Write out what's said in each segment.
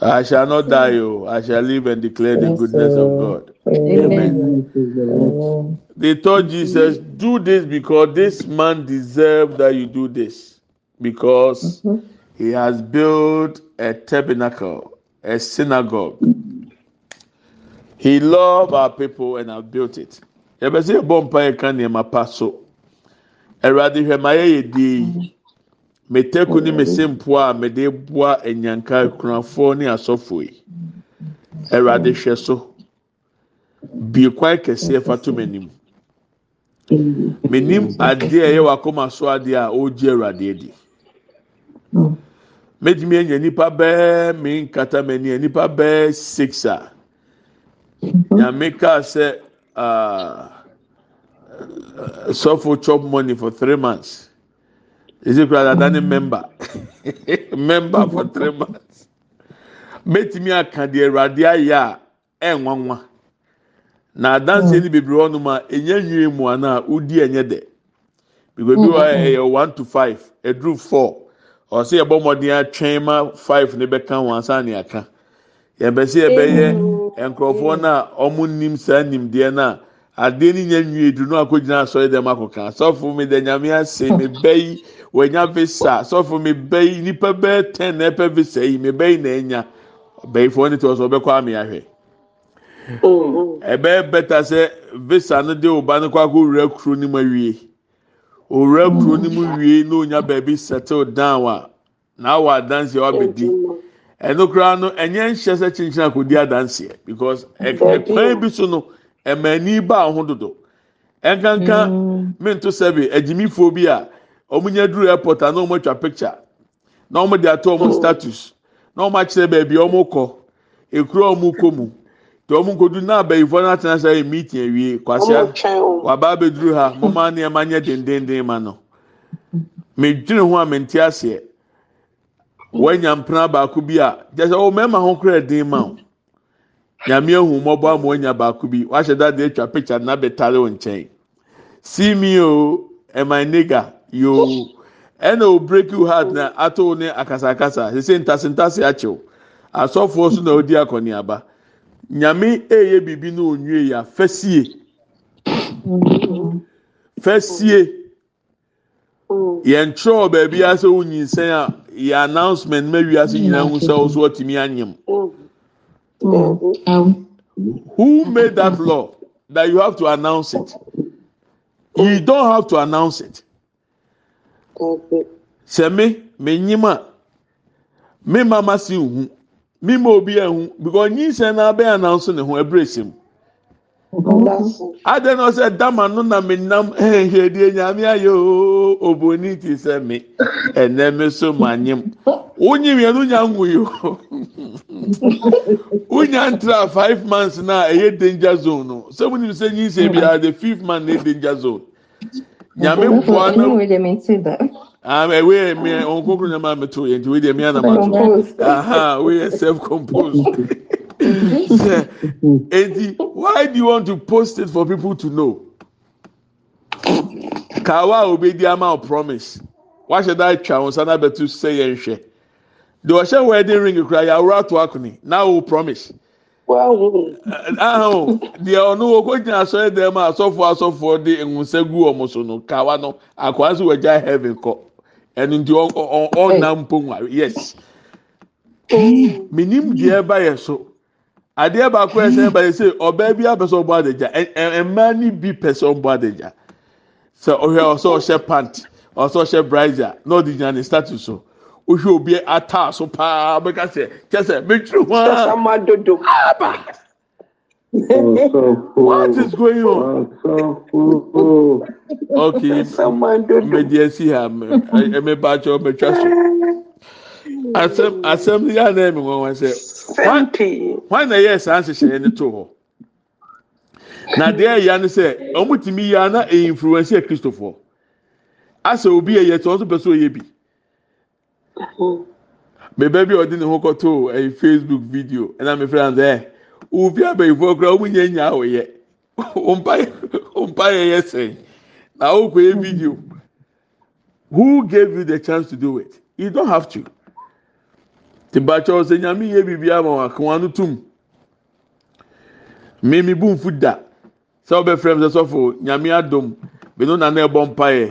I shall not die, oh. I shall live and declare the goodness of God. Amen. They told Jesus, Do this because this man deserves that you do this. Because mm-hmm. he has built a tabernacle, a synagogue. He loved our people and have built it. meteku ne mm. mesempo a mede boa anyanka akunafoɔ ne asɔfo yi awurade mm. hwɛ so bie kwan kɛseɛ fato m'anim menim adeɛ a ɛyɛ wakoma so adeɛ a ɔregye awurade adi mɛtumi mm. anya nipa bɛɛ me nkata m'ani a nipa bɛɛ six a mm-hmm. nyame kaa sɛ ah, eh, sɔfo chop money for three months. ezekiel adani member member for three months mi àkàndé ẹwurade ayé a ẹ e nwa na adansi ni bebree ọ nom a enye nyere mu ana a odi enye de. because bi wa ẹyẹ one to five eduru four ọsẹ ẹbọ mọden atwẹn ma five ne bẹka wọn asa ne aka yẹn bẹsẹ ẹ bẹyẹ nkurọfoɔ na ɔmo nim saa nimdeɛ na adeɛ ni nyɛ nwie dunu akɔgyina asɔre dɛm akɔka asɔfo mi dɛ nyame ase mi bɛyi. wɔanya visa sɔfo mi bɛyi nipa bɛyɛ ten na ɛpɛ visa yi mi oh. e bɛyi mm. na ɛnya bɛyifoɔ ne te wɔ so ɔbɛkɔ ami ahwɛ ɛbɛyɛ bɛta sɛ visa no de ɔba no kɔ akɔ owura kuro ne mu awie owura kuro ne mu wie na onya baabi settle down a na awɔ adanseɛ wabɛdi ɛno koraa no ɛnyɛ nhyɛ sɛ kyenkyen akɔdi adanseɛ because ɛkwan e, e bi so no ɛmɛni ba aho dodo ɛnkankan mintu mm. sɛbi agyimifoɔ bi a. wɔn nyɛ duru airport a na wɔn atwa picture na ọmụ dị atọ ọmụ status na ọmụ akyerɛ baabi ọmụ kọ ekuru ọmụ a mu tɛ wɔn nkodu na abɛyifoɔ na atena waba ha mɔmɔ nneɛma nye dendenden ma no medwene a aseɛ baako bi a nyame ehu ama baako bi wahyɛ dade atwa picture na yoo ɛna o break you heart na ato ne akasakasa sese ntasentase akyɛw asɔfoɔ so na odi akɔniaba nyame eye bibi na onwie ya fɛsie fɛsie yɛn twerɛ baabi ase wo nyinsɛn a yɛ announcement ma wi ase nyinaa ho mm. sɛ ɔso ɔtumi anyam mm. who made that law that you have to announce it you don't have to announce it. sɛ me menyim a me ma si nhu me ma obi ehu because nyinsɛn na abɛn ananso ne ho ebire si mu adan na ɔsɛ dama no na me nam ehedie nyame ayɛ ooo oboni ti sɛ me ɛnɛ me so ma nyim wonyi mmienu nya ngu yi o wonya antra, five months na ɛyɛ danger zone no sɛ mo nim sɛ nyinsɛn bi a the fifth man na danger zone. nyame boa no ɛwe mi ɔnkokoro na maa mi to yɛ nti wei deɛ ah, anam ato aha wei yɛ self composed eti why do you want to post it for people to know kawa obedi ama o promise wahyɛ da atwa wɔn sana bɛtu sɛ yɛn hwɛ deɛ ɔhyɛ wedding ring kura yɛ awura to akoni na o promise. ahụ deɛ ɔno wɔkɔgyina asɔre dɛm ma asɔfoɔ asɔfoɔ de nwusa gu wɔn so no kawa no akwa so wɔgya heaven kɔ ɛnu nti ɔnam mponwa yes menim deɛ ɛba yɛ so adeɛ baako yɛ sɛ ɛba yɛ sɛ ɔbaa bi apɛ sɛ ɔbɔ adagya mmaa ni bi pɛ sɛ ɔbɔ adagya sɛ ɔhwɛ ɔsɛ ɔhyɛ pant ɔsɛ ɔhyɛ na ɔde gyina ne status so. wohwɛ obi ataa paa bɛka sɛ kyɛ sɛ metwiri ho what is going on okay mmedi esi ha ɔmɛtwa so asɛm asɛm yi wɔn wɔn sɛ wɔn na yɛ saa nhyehyɛ to hɔ na deɛ ɛyɛ sɛ wɔn yɛ ana ɛyɛ influence yɛ asɛ obi yɛ yɛ tɛ wɔn nso pɛ so yɛ bi. bèbè bi ọdị n'ihu kọtọ ẹyị facebook vidio ẹna mi friends ẹ eh, ubi abẹyifo ọkụrụ ọmụ nye nya ahụ yẹ ọmpa yẹ yẹ sẹyìn na ọkụ yẹ vidio who gave you the chance to do it you don't have to tìbàchọ ọsẹ nyame yẹ bìbí ama wọn akọwọn ano tum mímí bu nfu da sẹ ọbẹ friends ẹ sọfọ nyame adom bẹnu nana ẹbọ mpa yẹ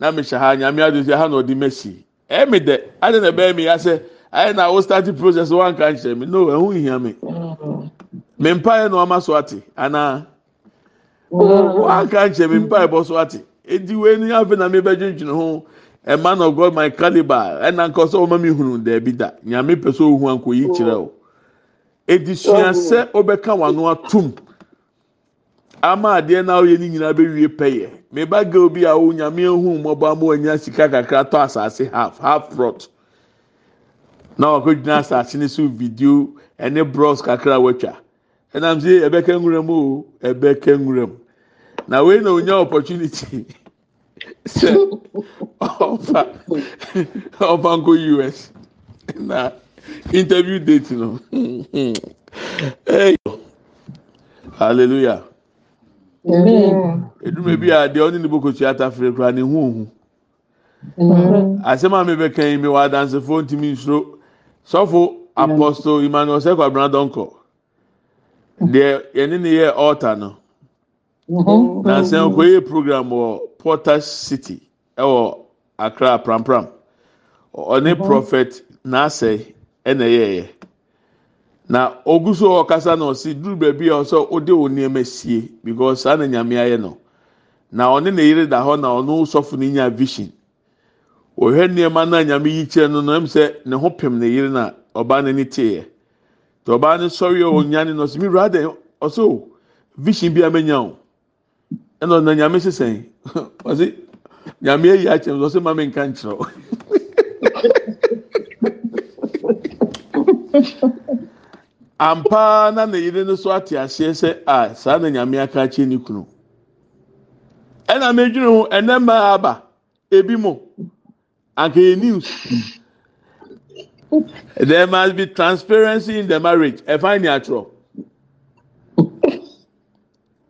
na mi hyẹ ha nyame adom sẹ ha na ọdị mẹsì. ɛmi dị adi na ɛbɛn mi ase ayɛ na awo starting process wan ka nkyɛn mi no hia mi mi mpa yɛ na ɔma so ana wan ka mi mpa yɛ bɔ so ate edi wei na mi bɛ ho a man of God my caliber e mi hunu da nyame so ohun yi o edi atum. ama adeɛ na woyɛ ne nyinaa bɛwie pɛyɛ meba girl bi a wo nyame ehu mmɔbɔ ama wanya sika kakra tɔ asase half half front na wakɔgyina asase ne so video ɛne bros kakra watwa ɛnam sɛ ɛbɛka nwura mu o ɛbɛka nwura na wei na onya opportunity sɛ ɔfa ɔfa nkɔ us na interview date no hey hallelujah. edwuma bi a deɛ ɔne ne bokosi atafere kura ne ho ohu asɛm a mebɛka yi mi wɔ adansefoɔ ntumi nsoro sɔfo apɔstol emmanuel sɛkɔ abena dɔnkɔ deɛ yɛne ne yɛ ɔɔta no na sɛn kɔ yɛ program wɔ portage city ɛwɔ accra prampram ɔne prophet n'asɛ ɛna yɛɛyɛ. na ogu so ɔkasa na ɔsi duru baabi a ɔsɛ ɔde wɔn nneɛma sie because saa na nyame ayɛ no na ọ ne yere da họ na ọ ɔno sɔfo na nya vision ɔhwɛ nneɛma na nyame yi kyerɛ no na ɛmu sɛ ne ho pɛm na yere na ɔbaa no ne teeɛ tɛ ɔbaa no sɔre a ɔnyane no ɔsɛ mi wura de ɔsɛ vision bi a menya o ɛna ɔna nyame sisan ɔsɛ nyame ayi akyɛm ɔsɛ maame nka nkyerɛw. ampa na ne yere no so ate aseɛ sɛ a saa na nyame aka akyerɛ ne kunu ɛna medwene ho ɛnɛ mmaa aba ebi mo anka yɛ news there must be transparency in the marriage ɛfan ni atwerɛ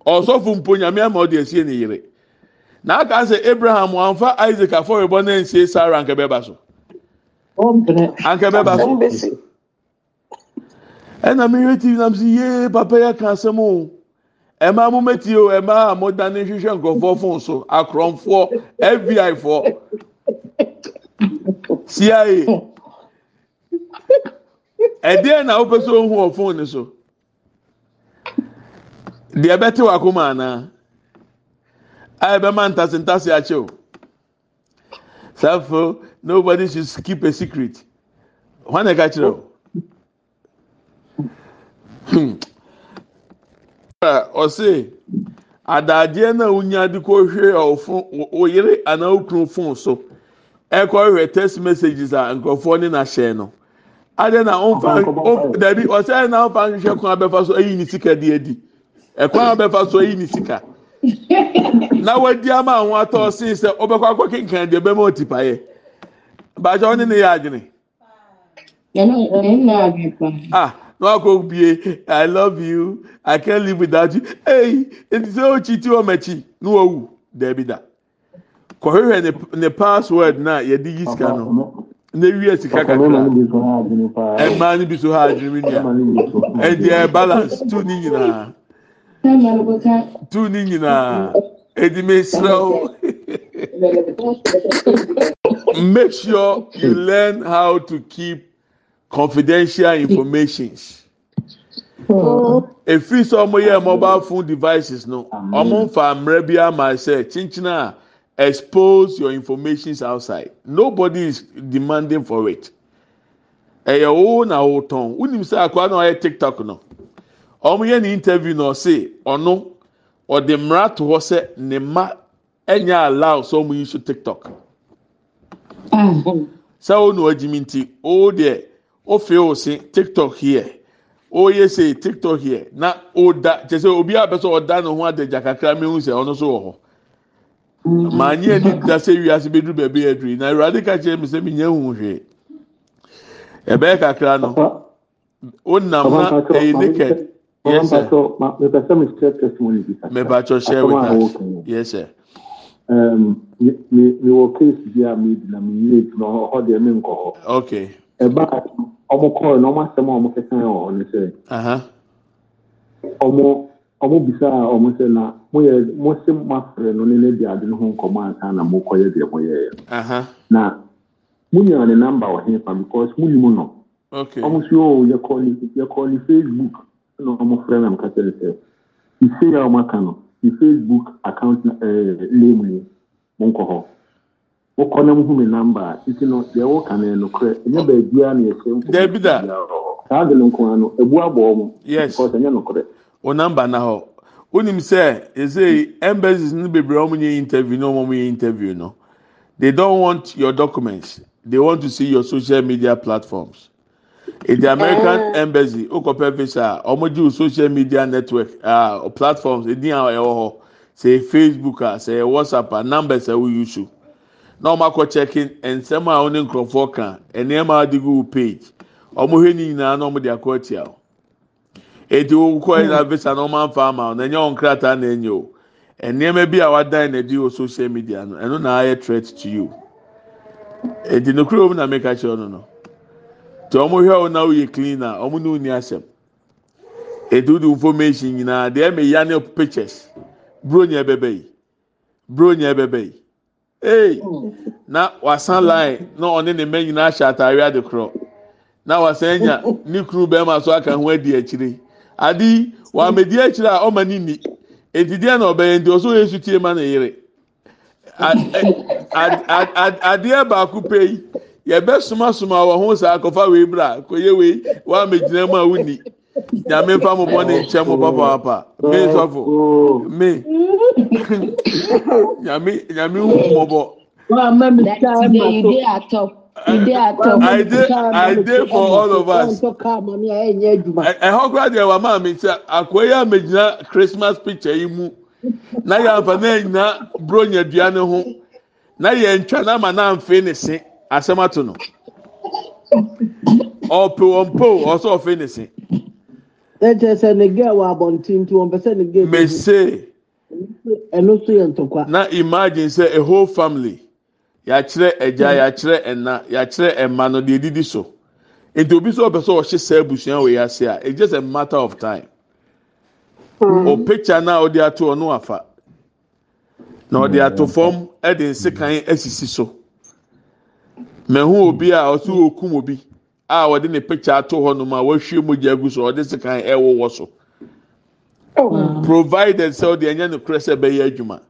ɔsɔfo mpo nyame ama ɔde asie ne yere na aka sɛ abraham wɔnfa isaac afɔrebɔ na nsie sara anka bɛba so anka bɛba so. ɛna mehwɛ tv nam sɛ yee papa yɛ ka asɛm o ɛmaa mo mɛti o ɛmaa a mo dani hwehwɛ nkurɔfoɔ fon so akorɔmfoɔ fbi foɔ cia ɛdeɛ na wopɛ sɛ ohu wɔ fon ne so deɛ bɛte wɔ akoma anaa a ɛbɛma ntasentase akyɛw sáfo nobody should keep a secret wọn na ɛka kyerɛ o. Hmm. ɔse adaadeɛ no a wonya de fun ɔfo wo yere anaa fon so ɛkɔhwɛ text messages a nkurɔfoɔ ne n'ahyɛ no adeɛ na ɔmfa dabi ɔsɛ na ɔmfa nke kwan abɛfa so ayi ne sika de adi ɛkwan abɛfa so ayi ne sika na wadi ama ho atɔ sin sɛ ɔbɛkɔ akɔ kenkan deɛ bɛma ɔtipaeɛ baakyɛ ɔne ne yɛ adwene. nwankwo e. i love you i can't live without you eyi ntisɛ okyi ti wɔn akyi na wɔwu dɛbi da kɔhwehwɛ ne ne password na yɛde yi sika no na ewia sika kakra ɛmaa no bi so ha adwene mi nua ɛdi ɛ balance tu ne nyinaa tu ne nyinaa ɛdi mi srɛw. Make sure you learn how to keep confidential informations. ɛfiri sɛ ɔmoyɛɛ mobile phone devices no ɔmo mfa mmara bi ama chinchina a expose your informations outside nobody is demanding for it ɛyɛ wo na wotɔn wonim sɛ akoa na ɔyɛ tiktok no ɔmoyɛ ne interview nọ ɔse ọnụ ọdị mmara to hɔ sɛ ne ma ɛnyɛ allow sɛ ɔmo yi so tiktok sɛ wo na ɔgyimi nti wo deɛ wofe wo se tiktok here ɔyɛ sɛ tiktok yɛ na ɔda kyɛ se obi a bɛ sɛ ɔda ne ho adagya kakra mehu sɛ ɔno so wɔ hɔ maa nyɛ ni da sɛ wiase bɛduru baabi aduru na awurade ka kyerɛ mi sɛ mi nyɛ hu hwee ɛbɛyɛ kakra no ɔnam ha ɛyɛ naked yes sir mɛbakyɔ share with us yes sir. mi mi wɔ case bi a mi di na mi yi edwuma hɔ ɔdi ɛmi nkɔ hɔ. okay. ɛbaa ọmọ kọrọ na ọmọ asẹm a ọmọ kẹsàn ọ ọno sẹ ọmọ ọmọ bisa a ọmọ sẹ na mo yẹ mo sẹ mo afẹrẹ no ne ne di adi ne ho nkɔmɔ ansa na mo kɔ yɛ deɛ mo yɛ yɛ na mo nyina ne namba wɔ hen fa because mo nim no ọmọ sẹ o yɛ kɔ ne yɛ kɔ ne facebook na ọmọ fẹrɛ na mo kasa ne sɛ ife a ọmọ aka no ne facebook account ɛɛ lane mo nkɔ hɔ wokɔ nam hu me namba nti no deɛ woka no nokorɛ ɛnyɛ baabia ne yɛsɛ dabi da saa de no nko a no ɛbu abɔɔ mu because ɛnyɛ nokorɛ wo namba na hɔ wonim sɛ ɛsei embassies no bebree ɔmo nyɛ interview no ɔmo yɛ interview no they don't want your documents they want to see your social media platforms in the american eh. embassy okɔpɛ visa ɔmo gye social media network uh, platforms ɛdin a ɛwɔ hɔ sɛ facebook a sɛ whatsapp a numbers a wo use. na ɔmo akɔ kyɛkin nsɛm a ɔne nkurɔfoɔ ka nneɛma adi gu page ɔmo hwɛ ne nyinaa na ɔmo de akɔ akyia o eti ya hmm. na visa na ɔmo anfa ama na enye ọ krataa na ɛnyɛ o nneɛma bi a wadan na ɛdi wɔ social media no ɛno na ayɛ threat to you eti no kuro na meka kyerɛ no no te ɔmo hwɛ o na oyɛ clean a ɔmo ne o ni asɛm eti ụdị nfọmeshin nyinaa deɛ ɛmɛ ya ne pictures buro nyɛ bɛbɛ yi buro nyɛ bɛbɛ yi. ee hmm. na wasan line na ɔne ne mma nyinaa ahyɛ ataare ade na wasan nya ne kuru bɛrima so aka ho adi akyire adi wamedi akyire a ɔma ne ni edidiɛ na ɔbɛyɛ nti ɔso yɛ sutie ma ne yere adeɛ baako pe yi yɛbɛ somasoma wɔ ho saa akɔfa wei bra kɔyɛ wei wamegyina mu a wuni. nyame mfa mo bɔne nkyɛ mo papaapa me sɔfo me nyame nyame hu mmɔbɔ I I dey for all of us. Ɛhɔ kura deɛ wa maa mi sɛ akɔyi a megyina Christmas picture yi mu na yɛ afa na nyina buro nya dua ne ho na yɛ ntwa na ama na nfe ne se asɛm ato no. Ɔpe wɔn po ɔsɛ ɔfe ne se ɛkyɛ sɛ ne gɛɛ wɔ abɔnten nti wɔn pɛ sɛ ne gɛɛ. mese ɛno nso yɛ ntɔkwa. na imagine say a whole family yɛakyerɛ ɛgya mm. yɛakyerɛ ɛna yɛakyerɛ ɛma no deɛ didi so nti obi sɛ ɔpɛ sɛ ɔhyɛ sɛ abusua wɔ yɛase a it's just a matter of time. Mm. o picture na ɔde ato ɔno afa na ɔde mm. ato fam ɛde nsekan asisi so mɛhu obi a ɔso okum obi a wɔde ne picture ato hɔnom a wɔahwie mu gya agu so ɔde sekan ɛwowɔ so oh. provided sɛ ɔde ɛnyɛ no korɛ sɛ ɛbɛyɛ adwuma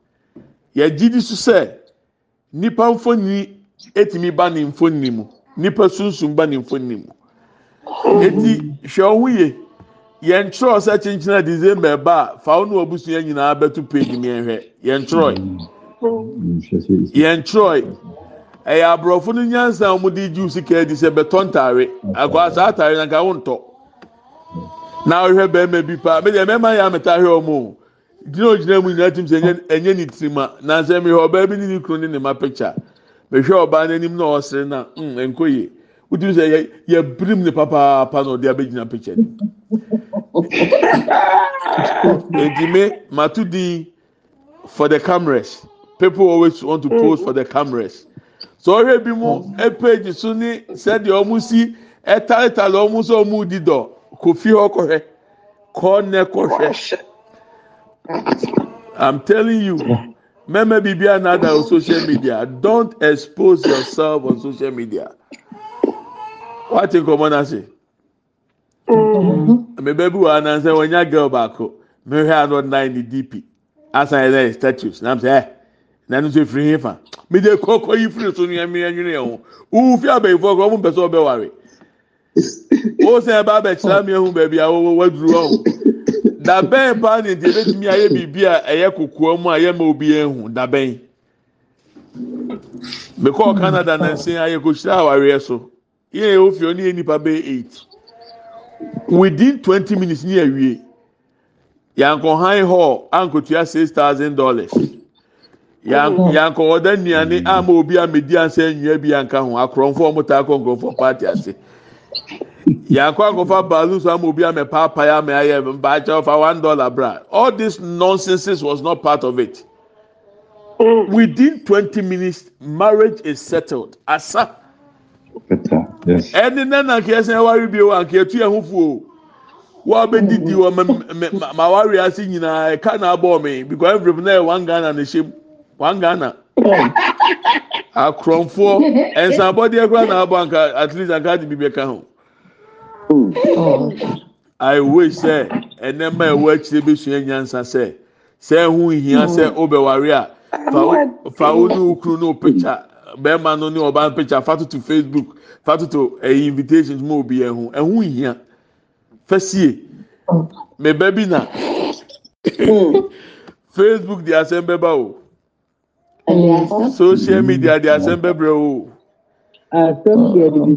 yɛgye di so sɛ nipa mfoni etumi ba ne mfoni mu nipa sunsun ba ne mfoni mu eti hwɛ ɔho yie yɛn twerɛ sɛ kyenkyena december ba a fawo ne wabusua nyinaa bɛto page ne yɛn hwɛ yɛn twerɛ mm. mm. yɛn twerɛ ɛyɛ aborɔfo no nyansa a wɔde gye sika di sɛ bɛtɔ ntaare akɔa saa ataare na nka wɔntɔ na ɔhwɛ bɛrima bi paa mɛ deɛ mɛma yɛ ameta hwɛ wɔn o gyina ogyina mu nyinaa tim sɛ ɛnyɛ ne tirima nansa mi hɛ ɔbaa bi ne ne kunu ne ne ma picture mehwɛ ɔbaa n'anim na ɔsere na mm nko yie wotu sɛ yɛ yɛ birim ne papaapa na ɔde abɛgyina picture ne edime matu di for the cameras people always want to pose for the cameras sọ ɔhwɛ bi mu page so ne sɛdeɛ ɔmo si ɛtaletale ɔmo sɛ ɔmo di dɔ kofi hɔ kɔhwɛ kɔɔnɛ kɔhwɛ i'm telling you mɛmɛ biribi anada on social media don't expose yourself on social media wati nkɔmɔ n'ase mɛbɛ bi wɔ anansɛ wɔnya girl baako mɛhwɛ anɔ nine dp asan yɛ dɛ status nam sɛ ɛ na ɛno nso efiri hefa media kɔkɔ yi firi so nua mmiri anwiri ɛho wufi abɛyifo ɔkɔ ɔmo mpɛsɛ ɔbɛware wosan ɛbɛ abɛkyerɛ mi ɛho baabi a waduru ɔho dabɛn paa ne deɛ ebetumi ayɛ biribi a ɛyɛ kokoa mu a ɛyɛ ma obi ɛho dabɛn mekɔɔ canada nansi ayɛ kɔhyira awareɛ so yɛn yɛ ofi ɔne yɛ nipa bɛyɛ eight within twenty minutes ni awie yankɔhan hall ankotua six thousand dollars yankɔ oh. ɔda nnuane hmm. ama obi a medi ansa nnua bi anka ho akorɔmfoɔ ɔmo taa kɔ nkorɔmfoɔ paati ase yankɔ akɔfa baalu so ama obi ama paapaa ama ayɛ mbaakyɛ ɔfa one dollar bra all this nonsense was not part of it mm. within twenty minutes marriage is settled asa ɛni nana kɛse ɛwari bi wa anke etu ɛho fu o wa bɛ didi wɔ mɛ mɛ mɛ awari ase nyinaa ɛka na abɔ mi because every day one Ghana ne se mu one ghana akorɔmfoɔ nsabɔdeɛ koraa na abɔ anka at least anka de bi bɛ ka ho i wish sɛ ɛnɛma ɛwɔ akyire bi sua nyansa sɛ sɛ ɛho nhia sɛ ɔbɛware a fa wo ne wo kunu ne wo picture bɛrima no ne ɔbaa picture fa to facebook fa to to ɛyi invitation mu obi ɛho ɛho nhia fɛsie mɛ mm. bɛbi na mm. facebook di asɛm bɛba o. Mm. Mm. Oh. Ah, social media de asɛm bɛbrɛ o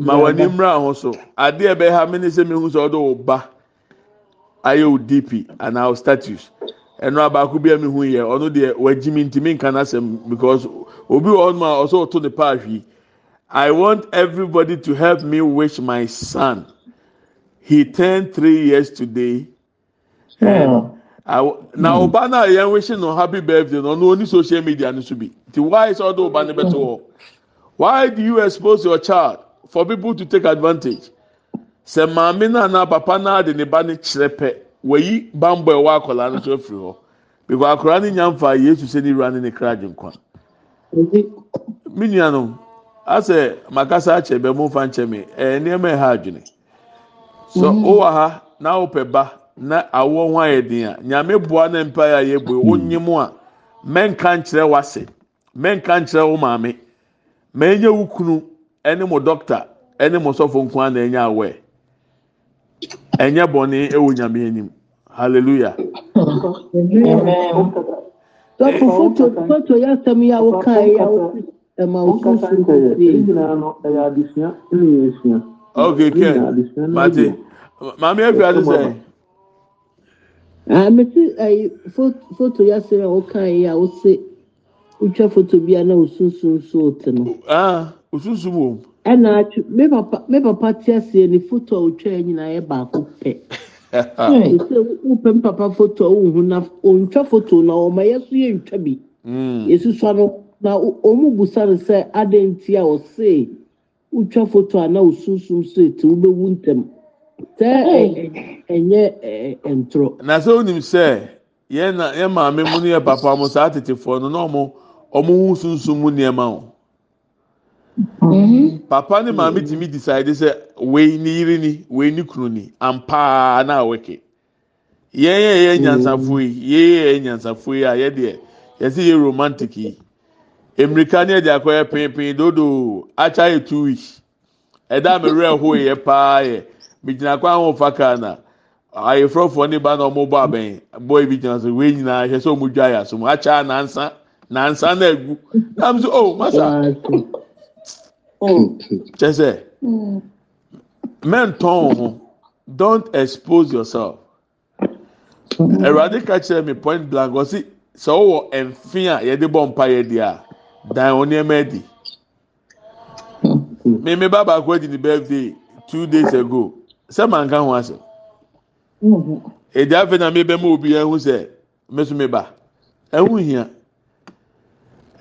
ma w'ani mmra ho so adeɛ bɛha me ne sɛ mehu sɛ ɔde wo ba ayɛ wo dp anaa wo status ɛno abaako bi a mehu yɛ ɔno deɛ wagyi me ntumi nka n'asɛm because obi wɔ hɔnom a ɔsɛ ɔto ne paahwi i want everybody to help me wish my son he turned three years today. Hmm. And, na ọba náà yẹn wíṣí no happy birthday na ọ̀nà oní social media ni bi ti why is ọba níbẹ̀ tó why do you expose your child for people to take advantage sẹ na papa náà eh, hmm. ba kyerẹ pẹ wẹ̀yí bambọ ni nyàmfà yéésù sẹ́ni ni na awoɔ ho ayɛ den a nyame boa ne mpa yɛ ayɛ bue hmm. wonye mu a mɛnka nkyerɛ wase mɛnka nkyerɛ wo maame mɛnyɛ wo kunu ɛne mo dɔkta ɛne mo sɔfo na ɛnyɛ awɛ ɛnyɛ bɔnne ɛwɔ nyame anim hallelujah. dɔkɔ foto foto yɛ asɛm yi a yi a ɛma amesi ah, ayi foto ya sị na ụka anyị ya ọsị ụtwa foto bịa na osunsun nso otu no. aa osunsun wọ m. ɛna atwi me papa me papa te aseɛ ne foto a otwa yɛ nyinaa yɛ baako pɛ. ɛsɛ wopɛ m papa foto a wohu na ontwa foto na ɔma yɛ so yɛ ntwa bi. yɛsusua no na ah, ɔmo busa no sɛ adan ti a ɔsee utwa foto a na osunsun nso eti wobɛwu ntɛm. na sɛ wonim sɛ yɛ maame mu no yɛ papa mo saa tetefoɔ no na ɔmo wu sunsum mu nneɛma o mm-hmm. papa ne maame tumi decide sɛ wei ne yere ni wei n'i kunu ni ampaa na awɛke yɛn yɛ yɛ nyansafo yi mm-hmm. yɛ yɛ nyansafo yi a yɛ deɛ yɛsi yɛ romantic yi emirika ne ɛde akɔyɛ pinpin dodo akya yɛ two weeks ɛda mi rɛ ho yɛ paa yɛ. gyina kwan ho fa kaa na ayeforɔfoɔ ne ba na wɔn bɔ abɛn boy bi gyina so wei nyinaa ahyɛ sɛ wɔn dwa yɛ asom akyɛ nansa nansa na egu naam so oh masa oh kyɛ sɛ men tɔn ho don't expose yourself awurade ka kyerɛ mi point blank ɔsi sɛ wɔwɔ mfin a yɛde bɔ mpa yɛ hmm. di a dan wɔn nneɛma adi mímí ba baako adi ni birthday two days ago sɛ manka ho ase ɛdi afei na mebɛ ma obi ɛho sɛ meso meba ɛho hia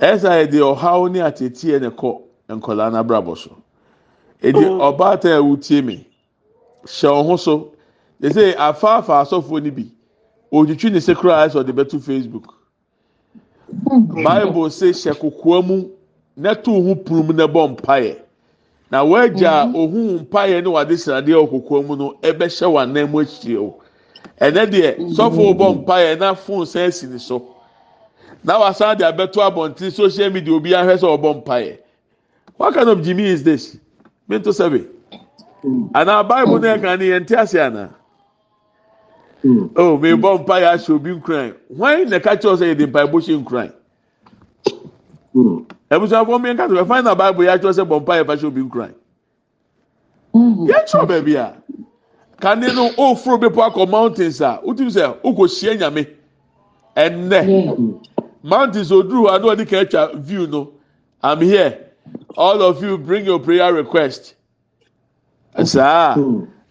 ɛsa ɛdi ɔhaw ne ateteɛ ne kɔ nkɔlaa n'abrabɔ so ɛdi oh. ɔbaata a ɛwutie mi hyɛ ɔho so ɛsɛ afaafa asɔfoɔ ni bi otwitwi ne se koraa ɛsɛ ɔde bɛto facebook bible sɛ hyɛ kokoa mu na to ho pulum na bɔ na wagya mhm. ohu mpaeɛ ne wade sradeɛ ɔkɔkɔɔ mu no ɛbɛhyɛ w'anan mu akyire o ɛnɛ deɛ sɔfo mhm. bɔ mpaeɛ na fon san si ne so na wasan de abɛto abɔnten social media obi ahwɛ sɛ ɔbɔ mpaeɛ what kind of jimmy is this minto sɛbe mm. anaa baibu na ɛka ne yɛn ti ase ana mm. o oh, mi bɔ mpaeɛ ahyɛ obi nkuran wɔn na ɛka kyerɛw sɛ yɛde mpaeɛ bɔ hyɛ nkuran. Hmm. afọ mmea kasa ɛfan na baịbụl ya atwerɛ sị bɔ mpa yɛ obi nkran yɛn kyerɛ baabi a kane no ofuro bepọ akọ mountains a otu sɛ okɔ hyia nyame Ene mountains oduru duuru anụ ɔde ka atwa view no i'm here all of you bring your prayer request saa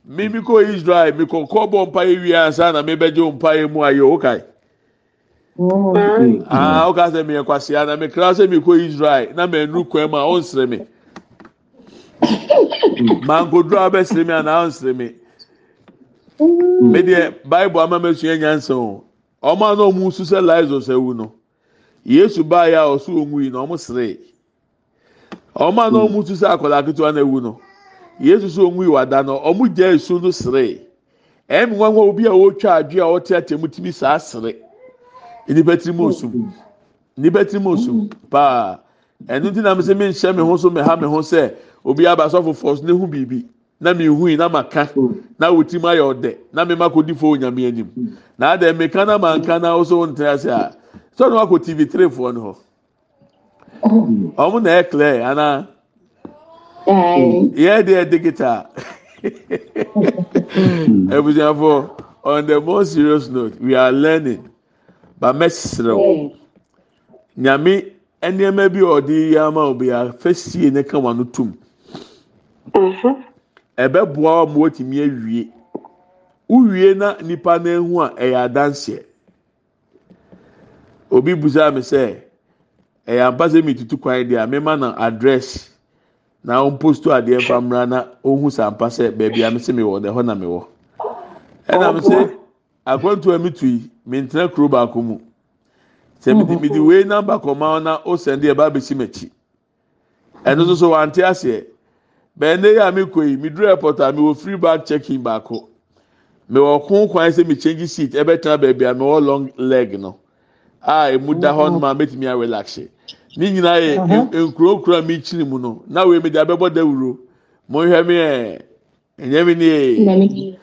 mmiri kò israel mi kò kọ́ bọ̀ mpa yẹ wia na mi bẹ́ jẹ́ mpa yẹ mu ah o ka sị mi nkwasịa na mi kra sị mi kọ israel na mi enu kwan mu a ọ nsịrị mi ma nkodoro abịasịrị ah, mi a na ọ nsịrị mi mi mm. deɛ baịbụl ama m esu enya o ọma na ọmụ nsu sị laizọs ewu no yesu baa ya ọsụ onwu yi na ọmụ sịrị ọma na ọmụ nsu sị akwadaa ketewa na ewu no yesu sị onwu yi wada no ọmụ gya esu no sịrị ɛmu nwa nwa obi a wotwa adwe a ɔte atemutumi saa sịrị. nnipa mu osum nnipa tirim osum paa ɛnu ti na mi sɛ mi nhyɛ mi ho so mi ha mi ho sɛ obi aba sɔfo fɔs ne ho biribi na mi hu yi na ma ka na wò ti mu ayɛ ɔdɛ na mi ma ko di fo onyame anim na adɛ mi ka na ma nka na ɔso wɔn tena ase a sɔɔni wa ko tv three foɔ no hɔ ɔmo na yɛ clear ana yɛ deɛ digital ebusuafo on the more serious note we are learning. ba mɛsrɛ wo nyame nneɛma bi a ɔde yi ama obi a fɛsie ne ka wano tum mm-hmm. ɛbɛboa wɔn wɔtumi awie uwie na nipa na ehu a ɛyɛ adanseɛ obi busa mi sɛ ɛyɛ ampa sɛ mi tutu kwan deɛ mema na adres na wɔn posto adeɛ fa mmra na ohun sɛ ampa sɛ beebi a mi sɛ mi wɔ dɛ hɔ na mi wɔ ɛna mi sɛ akwantu a mi tu yi. mentena kuro baako mu sɛ mm-hmm. midi wee namba kɔma na o sɛnde ɛba abɛsi m'akyi ɛno nso so wante aseɛ bɛn ne yɛ a mekɔ yi meduru airport a mewɔ free bag checking baako mewɔ ko kwan sɛ ebe seat ɛbɛtena baabi a mewɔ long leg no a emu da hɔ no ma mɛtumi mm-hmm. arelaxe ne nyinaa yɛ mm-hmm. nkurokuro a mekyiri mu no na wei mede abɛbɔ dawuro mohwɛ me ɛ ɛnyɛ me ne yɛ.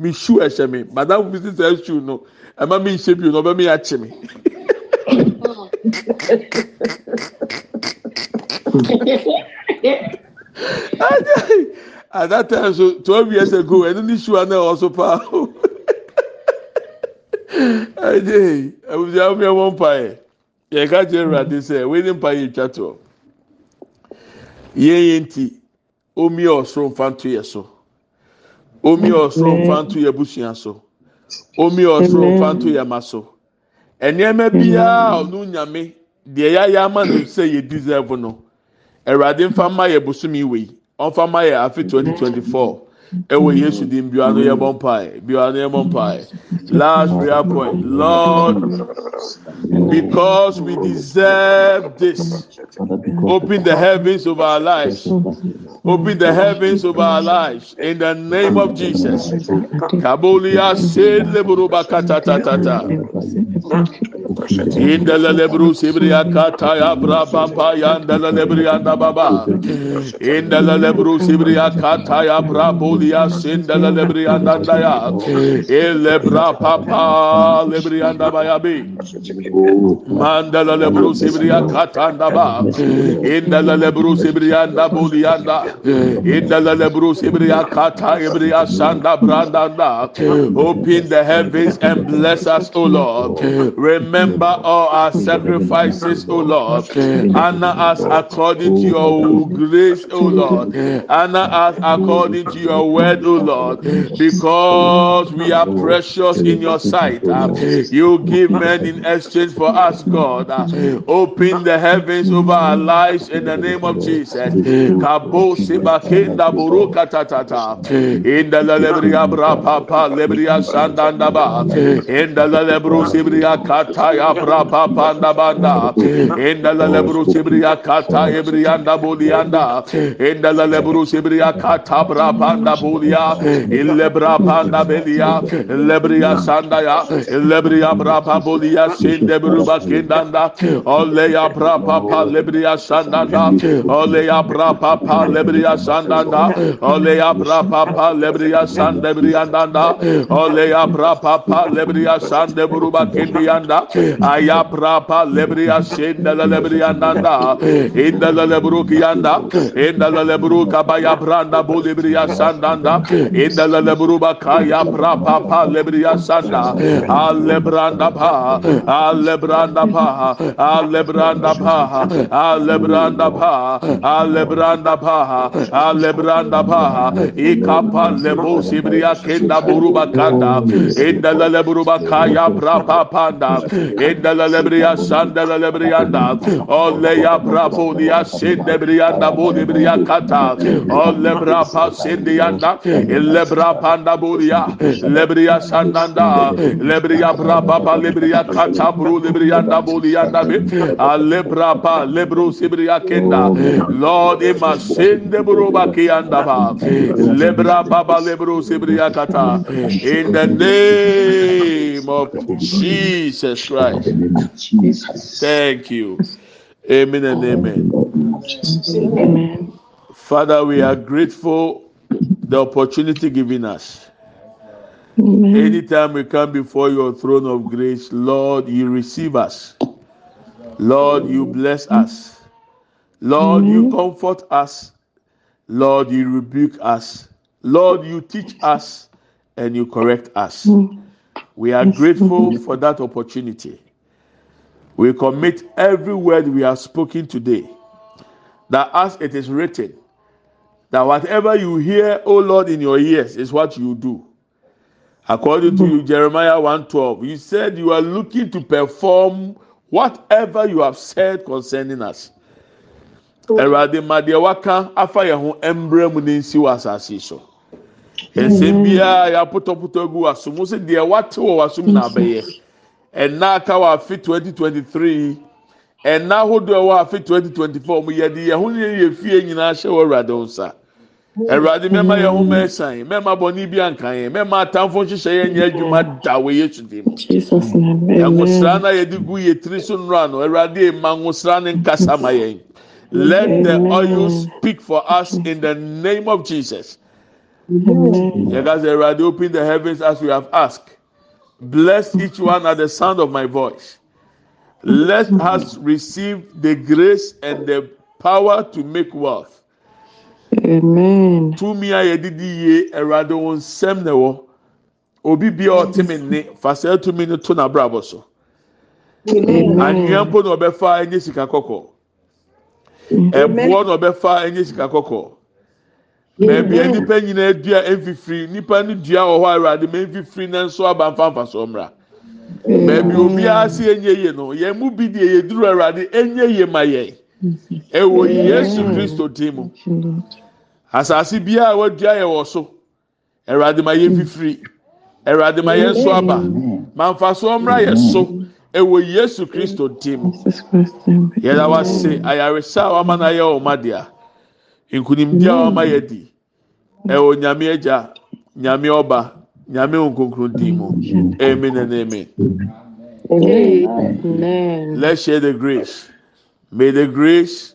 mi shoe ɛhyɛ mi madam bi ti sɛ shoe no ɛma mi nhyɛ bi o na ɔbɛ mi akyi mi. at that time so twelve years ago ɛno ni shoe anan ɔso Pa, o ɛdi ɛbusua mi ɛwɔ mpa yɛ yɛ ká kyerɛ ɛwurade sɛ wei ni mpa yɛ twa toɔ yɛn yɛn ti omi ɔsoro nfa to yɛ so omi ɔsoro mfa nto yɛ busua so omi ɔsoro mfa nto yɛ ma so nneɛma biara ɔno nyame deɛ yɛayɛ ama no sɛ yɛ deserve no awurade mfa ma yɛ bosomi wei ɔmfa ma yɛ afe twenty twenty four ɛwɔ yesu din biara no yɛ bɔ mpae biara no yɛ bɔ mpae last prayer point lord because we deserve this open the heavens of our lives open the heavens of our lives in the name of jesus kaboli ase leburu bakatatatata. indala lebru sibriya kata ya braba pa ya indala lebriya da baba indala lebru sibriya kata ya brabo liya sindala lebriya da da ya elebra papa lebriya da ba ya bi mandala lebru sibriya kata da In indala lebru sibriya da bo liya da indala lebru sibriya kata ibriya sanda branda da open the heavens and bless us o lord remember remember all our sacrifices, O Lord. Honor us according to your grace, O Lord. Honor us according to your word, O Lord. Because we are precious in your sight. You give men in exchange for us, God. Open the heavens over our lives in the name of Jesus. In the In the kataya kapra panda banda endala lebru sibriya kata ebriyanda bolianda endala lebru sibriya kata bra panda bolia illebra panda belia lebriya sandaya lebriya bra pa bolia sinde bruba kindanda ole ya bra pa pa lebriya sandanda ole ya bra pa pa lebriya sandanda ole ya bra pa pa lebriya sandebriyanda ole ya bra pa pa lebriya sande bruba kindanda aya prapa le briasindelelebria nanda i ndelele burukyanda indelele buruka bayabranda buli bria sandanda i ndelele buruba ka ya prapapa le briasanda alebranda bah aebrana bah alebranda baha aebranda ba alebranda baha alebranda baha i kapa le busibria kinda burubakanda i ndelele buruba kaya prapapanda In the lebria sanda la lebrianda. Ole ya bravo dia sende brianda bodi bria kata. Ole brapa sende yanda. Ele brapa nda bodia. Lebria sandanda. Lebria brapa ba lebria kata bru lebria nda bodia nda be. Ale brapa lebru sibria kenda. Lord ima sende bru ba kianda ba. Lebra baba lebru sibria kata. In the name of Jesus Christ life. Thank you. Amen and amen. Amen. Father, we are grateful the opportunity given us. Amen. Anytime we come before your throne of grace, Lord, you receive us. Lord, you bless us. Lord, Amen. you comfort us. Lord, you rebuke us. Lord, you teach us and you correct us. Amen. Mm. We are grateful for that opportunity. We commit every word we have spoken today, that as it is written, that whatever you hear, O Lord, in your ears is what you do. According to you, Jeremiah 1:12, you said you are looking to perform whatever you have said concerning us. Ẹ̀rọ adé, màdìẹ̀ wá ká afáyẹ̀hún ẹ̀mbrẹ́mu ní sí wàásù àṣìṣọ́ ɛsɛm biara yɛapotɔpotɔ gu wasom wo sɛ deɛ wate wɔ wasom na abɛyɛ ɛna aka wɔ afe 2023 ɛna ahodoɔ wɔ afe 2024 mu yɛde yɛn ho ne yɛ fie nyinaa hyɛ wɔ awurade nsa awurade mɛma yɛn ho mɛsan mɛma bɔnne bi ankan yɛn mɛma atamfo nhyehyɛ yɛn nyɛ adwuma da wɔ yesu dim mm. ɛnkosra na yɛde gu yɛ tiri so nnora no awurade ma nkosra ne nkasa ma yɛn let the oil speak for us in the name of jesus. Let us radio open the heavens as we have asked. Bless each one at the sound of my voice. Let us receive the grace and the power to make wealth. Amen. Tumi a yɛdidi yie ɛwurade wɔn nsɛm na ɛwɔ obi bia ɔte mi nne fasɛ tumi no to n'abrabɔ so. Anwea mpo na ɔbɛfa enye sika kɔkɔɔ. Ɛboɔ na ɔbɛfa enye sika kɔkɔɔ baabi a nipa nyinaa dua mfifiri nipa ne dua wɔ hɔ awurade ma mfifiri na nso aba mfanfa so mmra baabi obiara si enye yie no yɛn mu bi deɛ yɛduru awurade enye yie ma yɛn ɛwɔ yesu kristo dim mu asase biara wadua yɛ wɔ so awurade ma yɛn fifiri awurade ma yɛn nso aba ma nfa so mmra yɛ so ɛwɔ yesu kristo dim mu yɛda wase ayaresa a wama na yɛ wɔn ma dea nkunimdi hmm. a ɔma yɛ di ɛwɔ nyame agya nyame ɔba nyame nkonkron di mu hmm. amen and amen. Amen. Let's share the grace. May the grace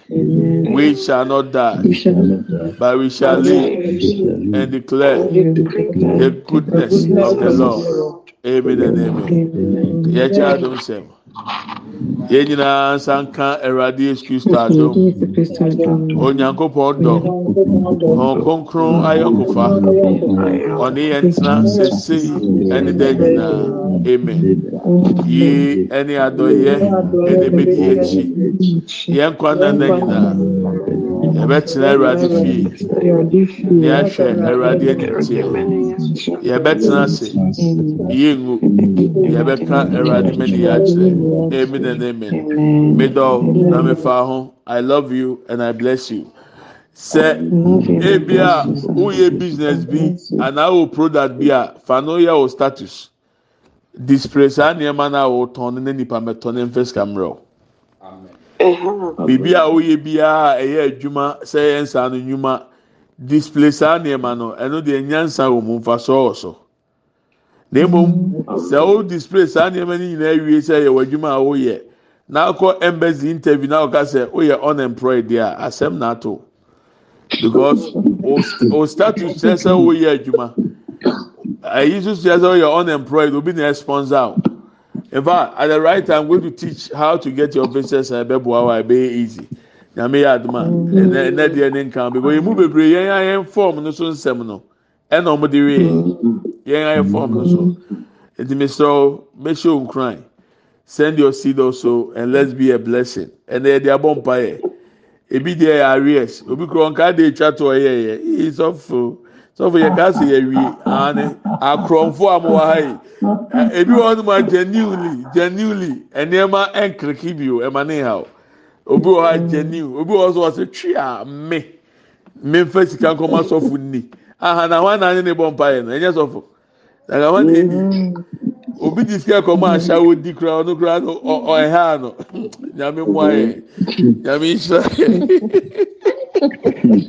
we shall not die but we shall leve and declare he goodness of the low ami the nm yechadom sem yɛn nyinaa nsa nka awurade yesu kristo ado onyankopɔn dɔ wɔn kronkron ayɔnkofa ɔne yɛn tena sesei ɛne dɛ nyinaa amen yie ɛne adɔyɛ ɛne bedi akyi yɛn nkwa nana nyinaa. yɛbɛtena awurade fie yɛahwɛ awurade animteɛ yɛbɛtena ase yɛngu yɛbɛka awurade mani akyerɛ amen and amen medɔw na mefa ho i love you and i bless you sɛ ebi a woyɛ business bi anaa wo product bi a fa no yɛ wo status display saa nneɛma no a wɔtɔn no ne nipa mɛtɔ ne mfɛsika mmerɛw biribi a woyɛ biara ɛyɛ adwuma sɛ ɛyɛ nsa no nnwuma display saa nneɛma no ɛno deɛ nyansa wɔ mu nfa so wɔ so na mmom sɛ o display saa nneɛma no nyinaa wie sɛ ɛyɛ wɔ adwuma a woyɛ na akɔ embassy interview na ɔka sɛ woyɛ unemployed deɛ asɛm na because o status kyerɛ sɛ woyɛ adwuma ayi nso kyerɛ sɛ woyɛ unemployed obi na ɛ sponsor o in fact at the right time going to teach how to get your business and ẹbẹ buwa wa ẹbẹ yẹ easy nyame yẹ aduma ẹnẹ ẹnẹ deɛ ne nkan because emu bebree yɛn ayɛ fɔm no so nsɛm no ɛna wɔn de wie yɛn ayɛ fɔm no so eti mesrɛw make sure you cry send your seed also and let's be a blessing ɛnna yɛ de abɔ mpa yɛ ebi deɛ yɛ arrears obi kura nkaa de etwa to ɔyɛ yɛ he is awful sọfọ yẹ gaasi yẹ wie ani akorɔmfo a mo wɔ ha yi ebi wɔ hɔnom a genuinely genuinely nneɛma nkiriki bi o ɛma ne ha o obi wɔ ha genuine obi wɔ hɔ so ɔsɛ twi a mme mme nfa sika nkɔmɔ sɔfo ni aha na wa naanị na ịbɔ mpa yɛ no ɛnyɛ sɔfo na ka wa na ebi obi di sika nkɔmɔ ahyia odi kura ɔno kura no ɔha no nyame mu ayɛ nyame nhyira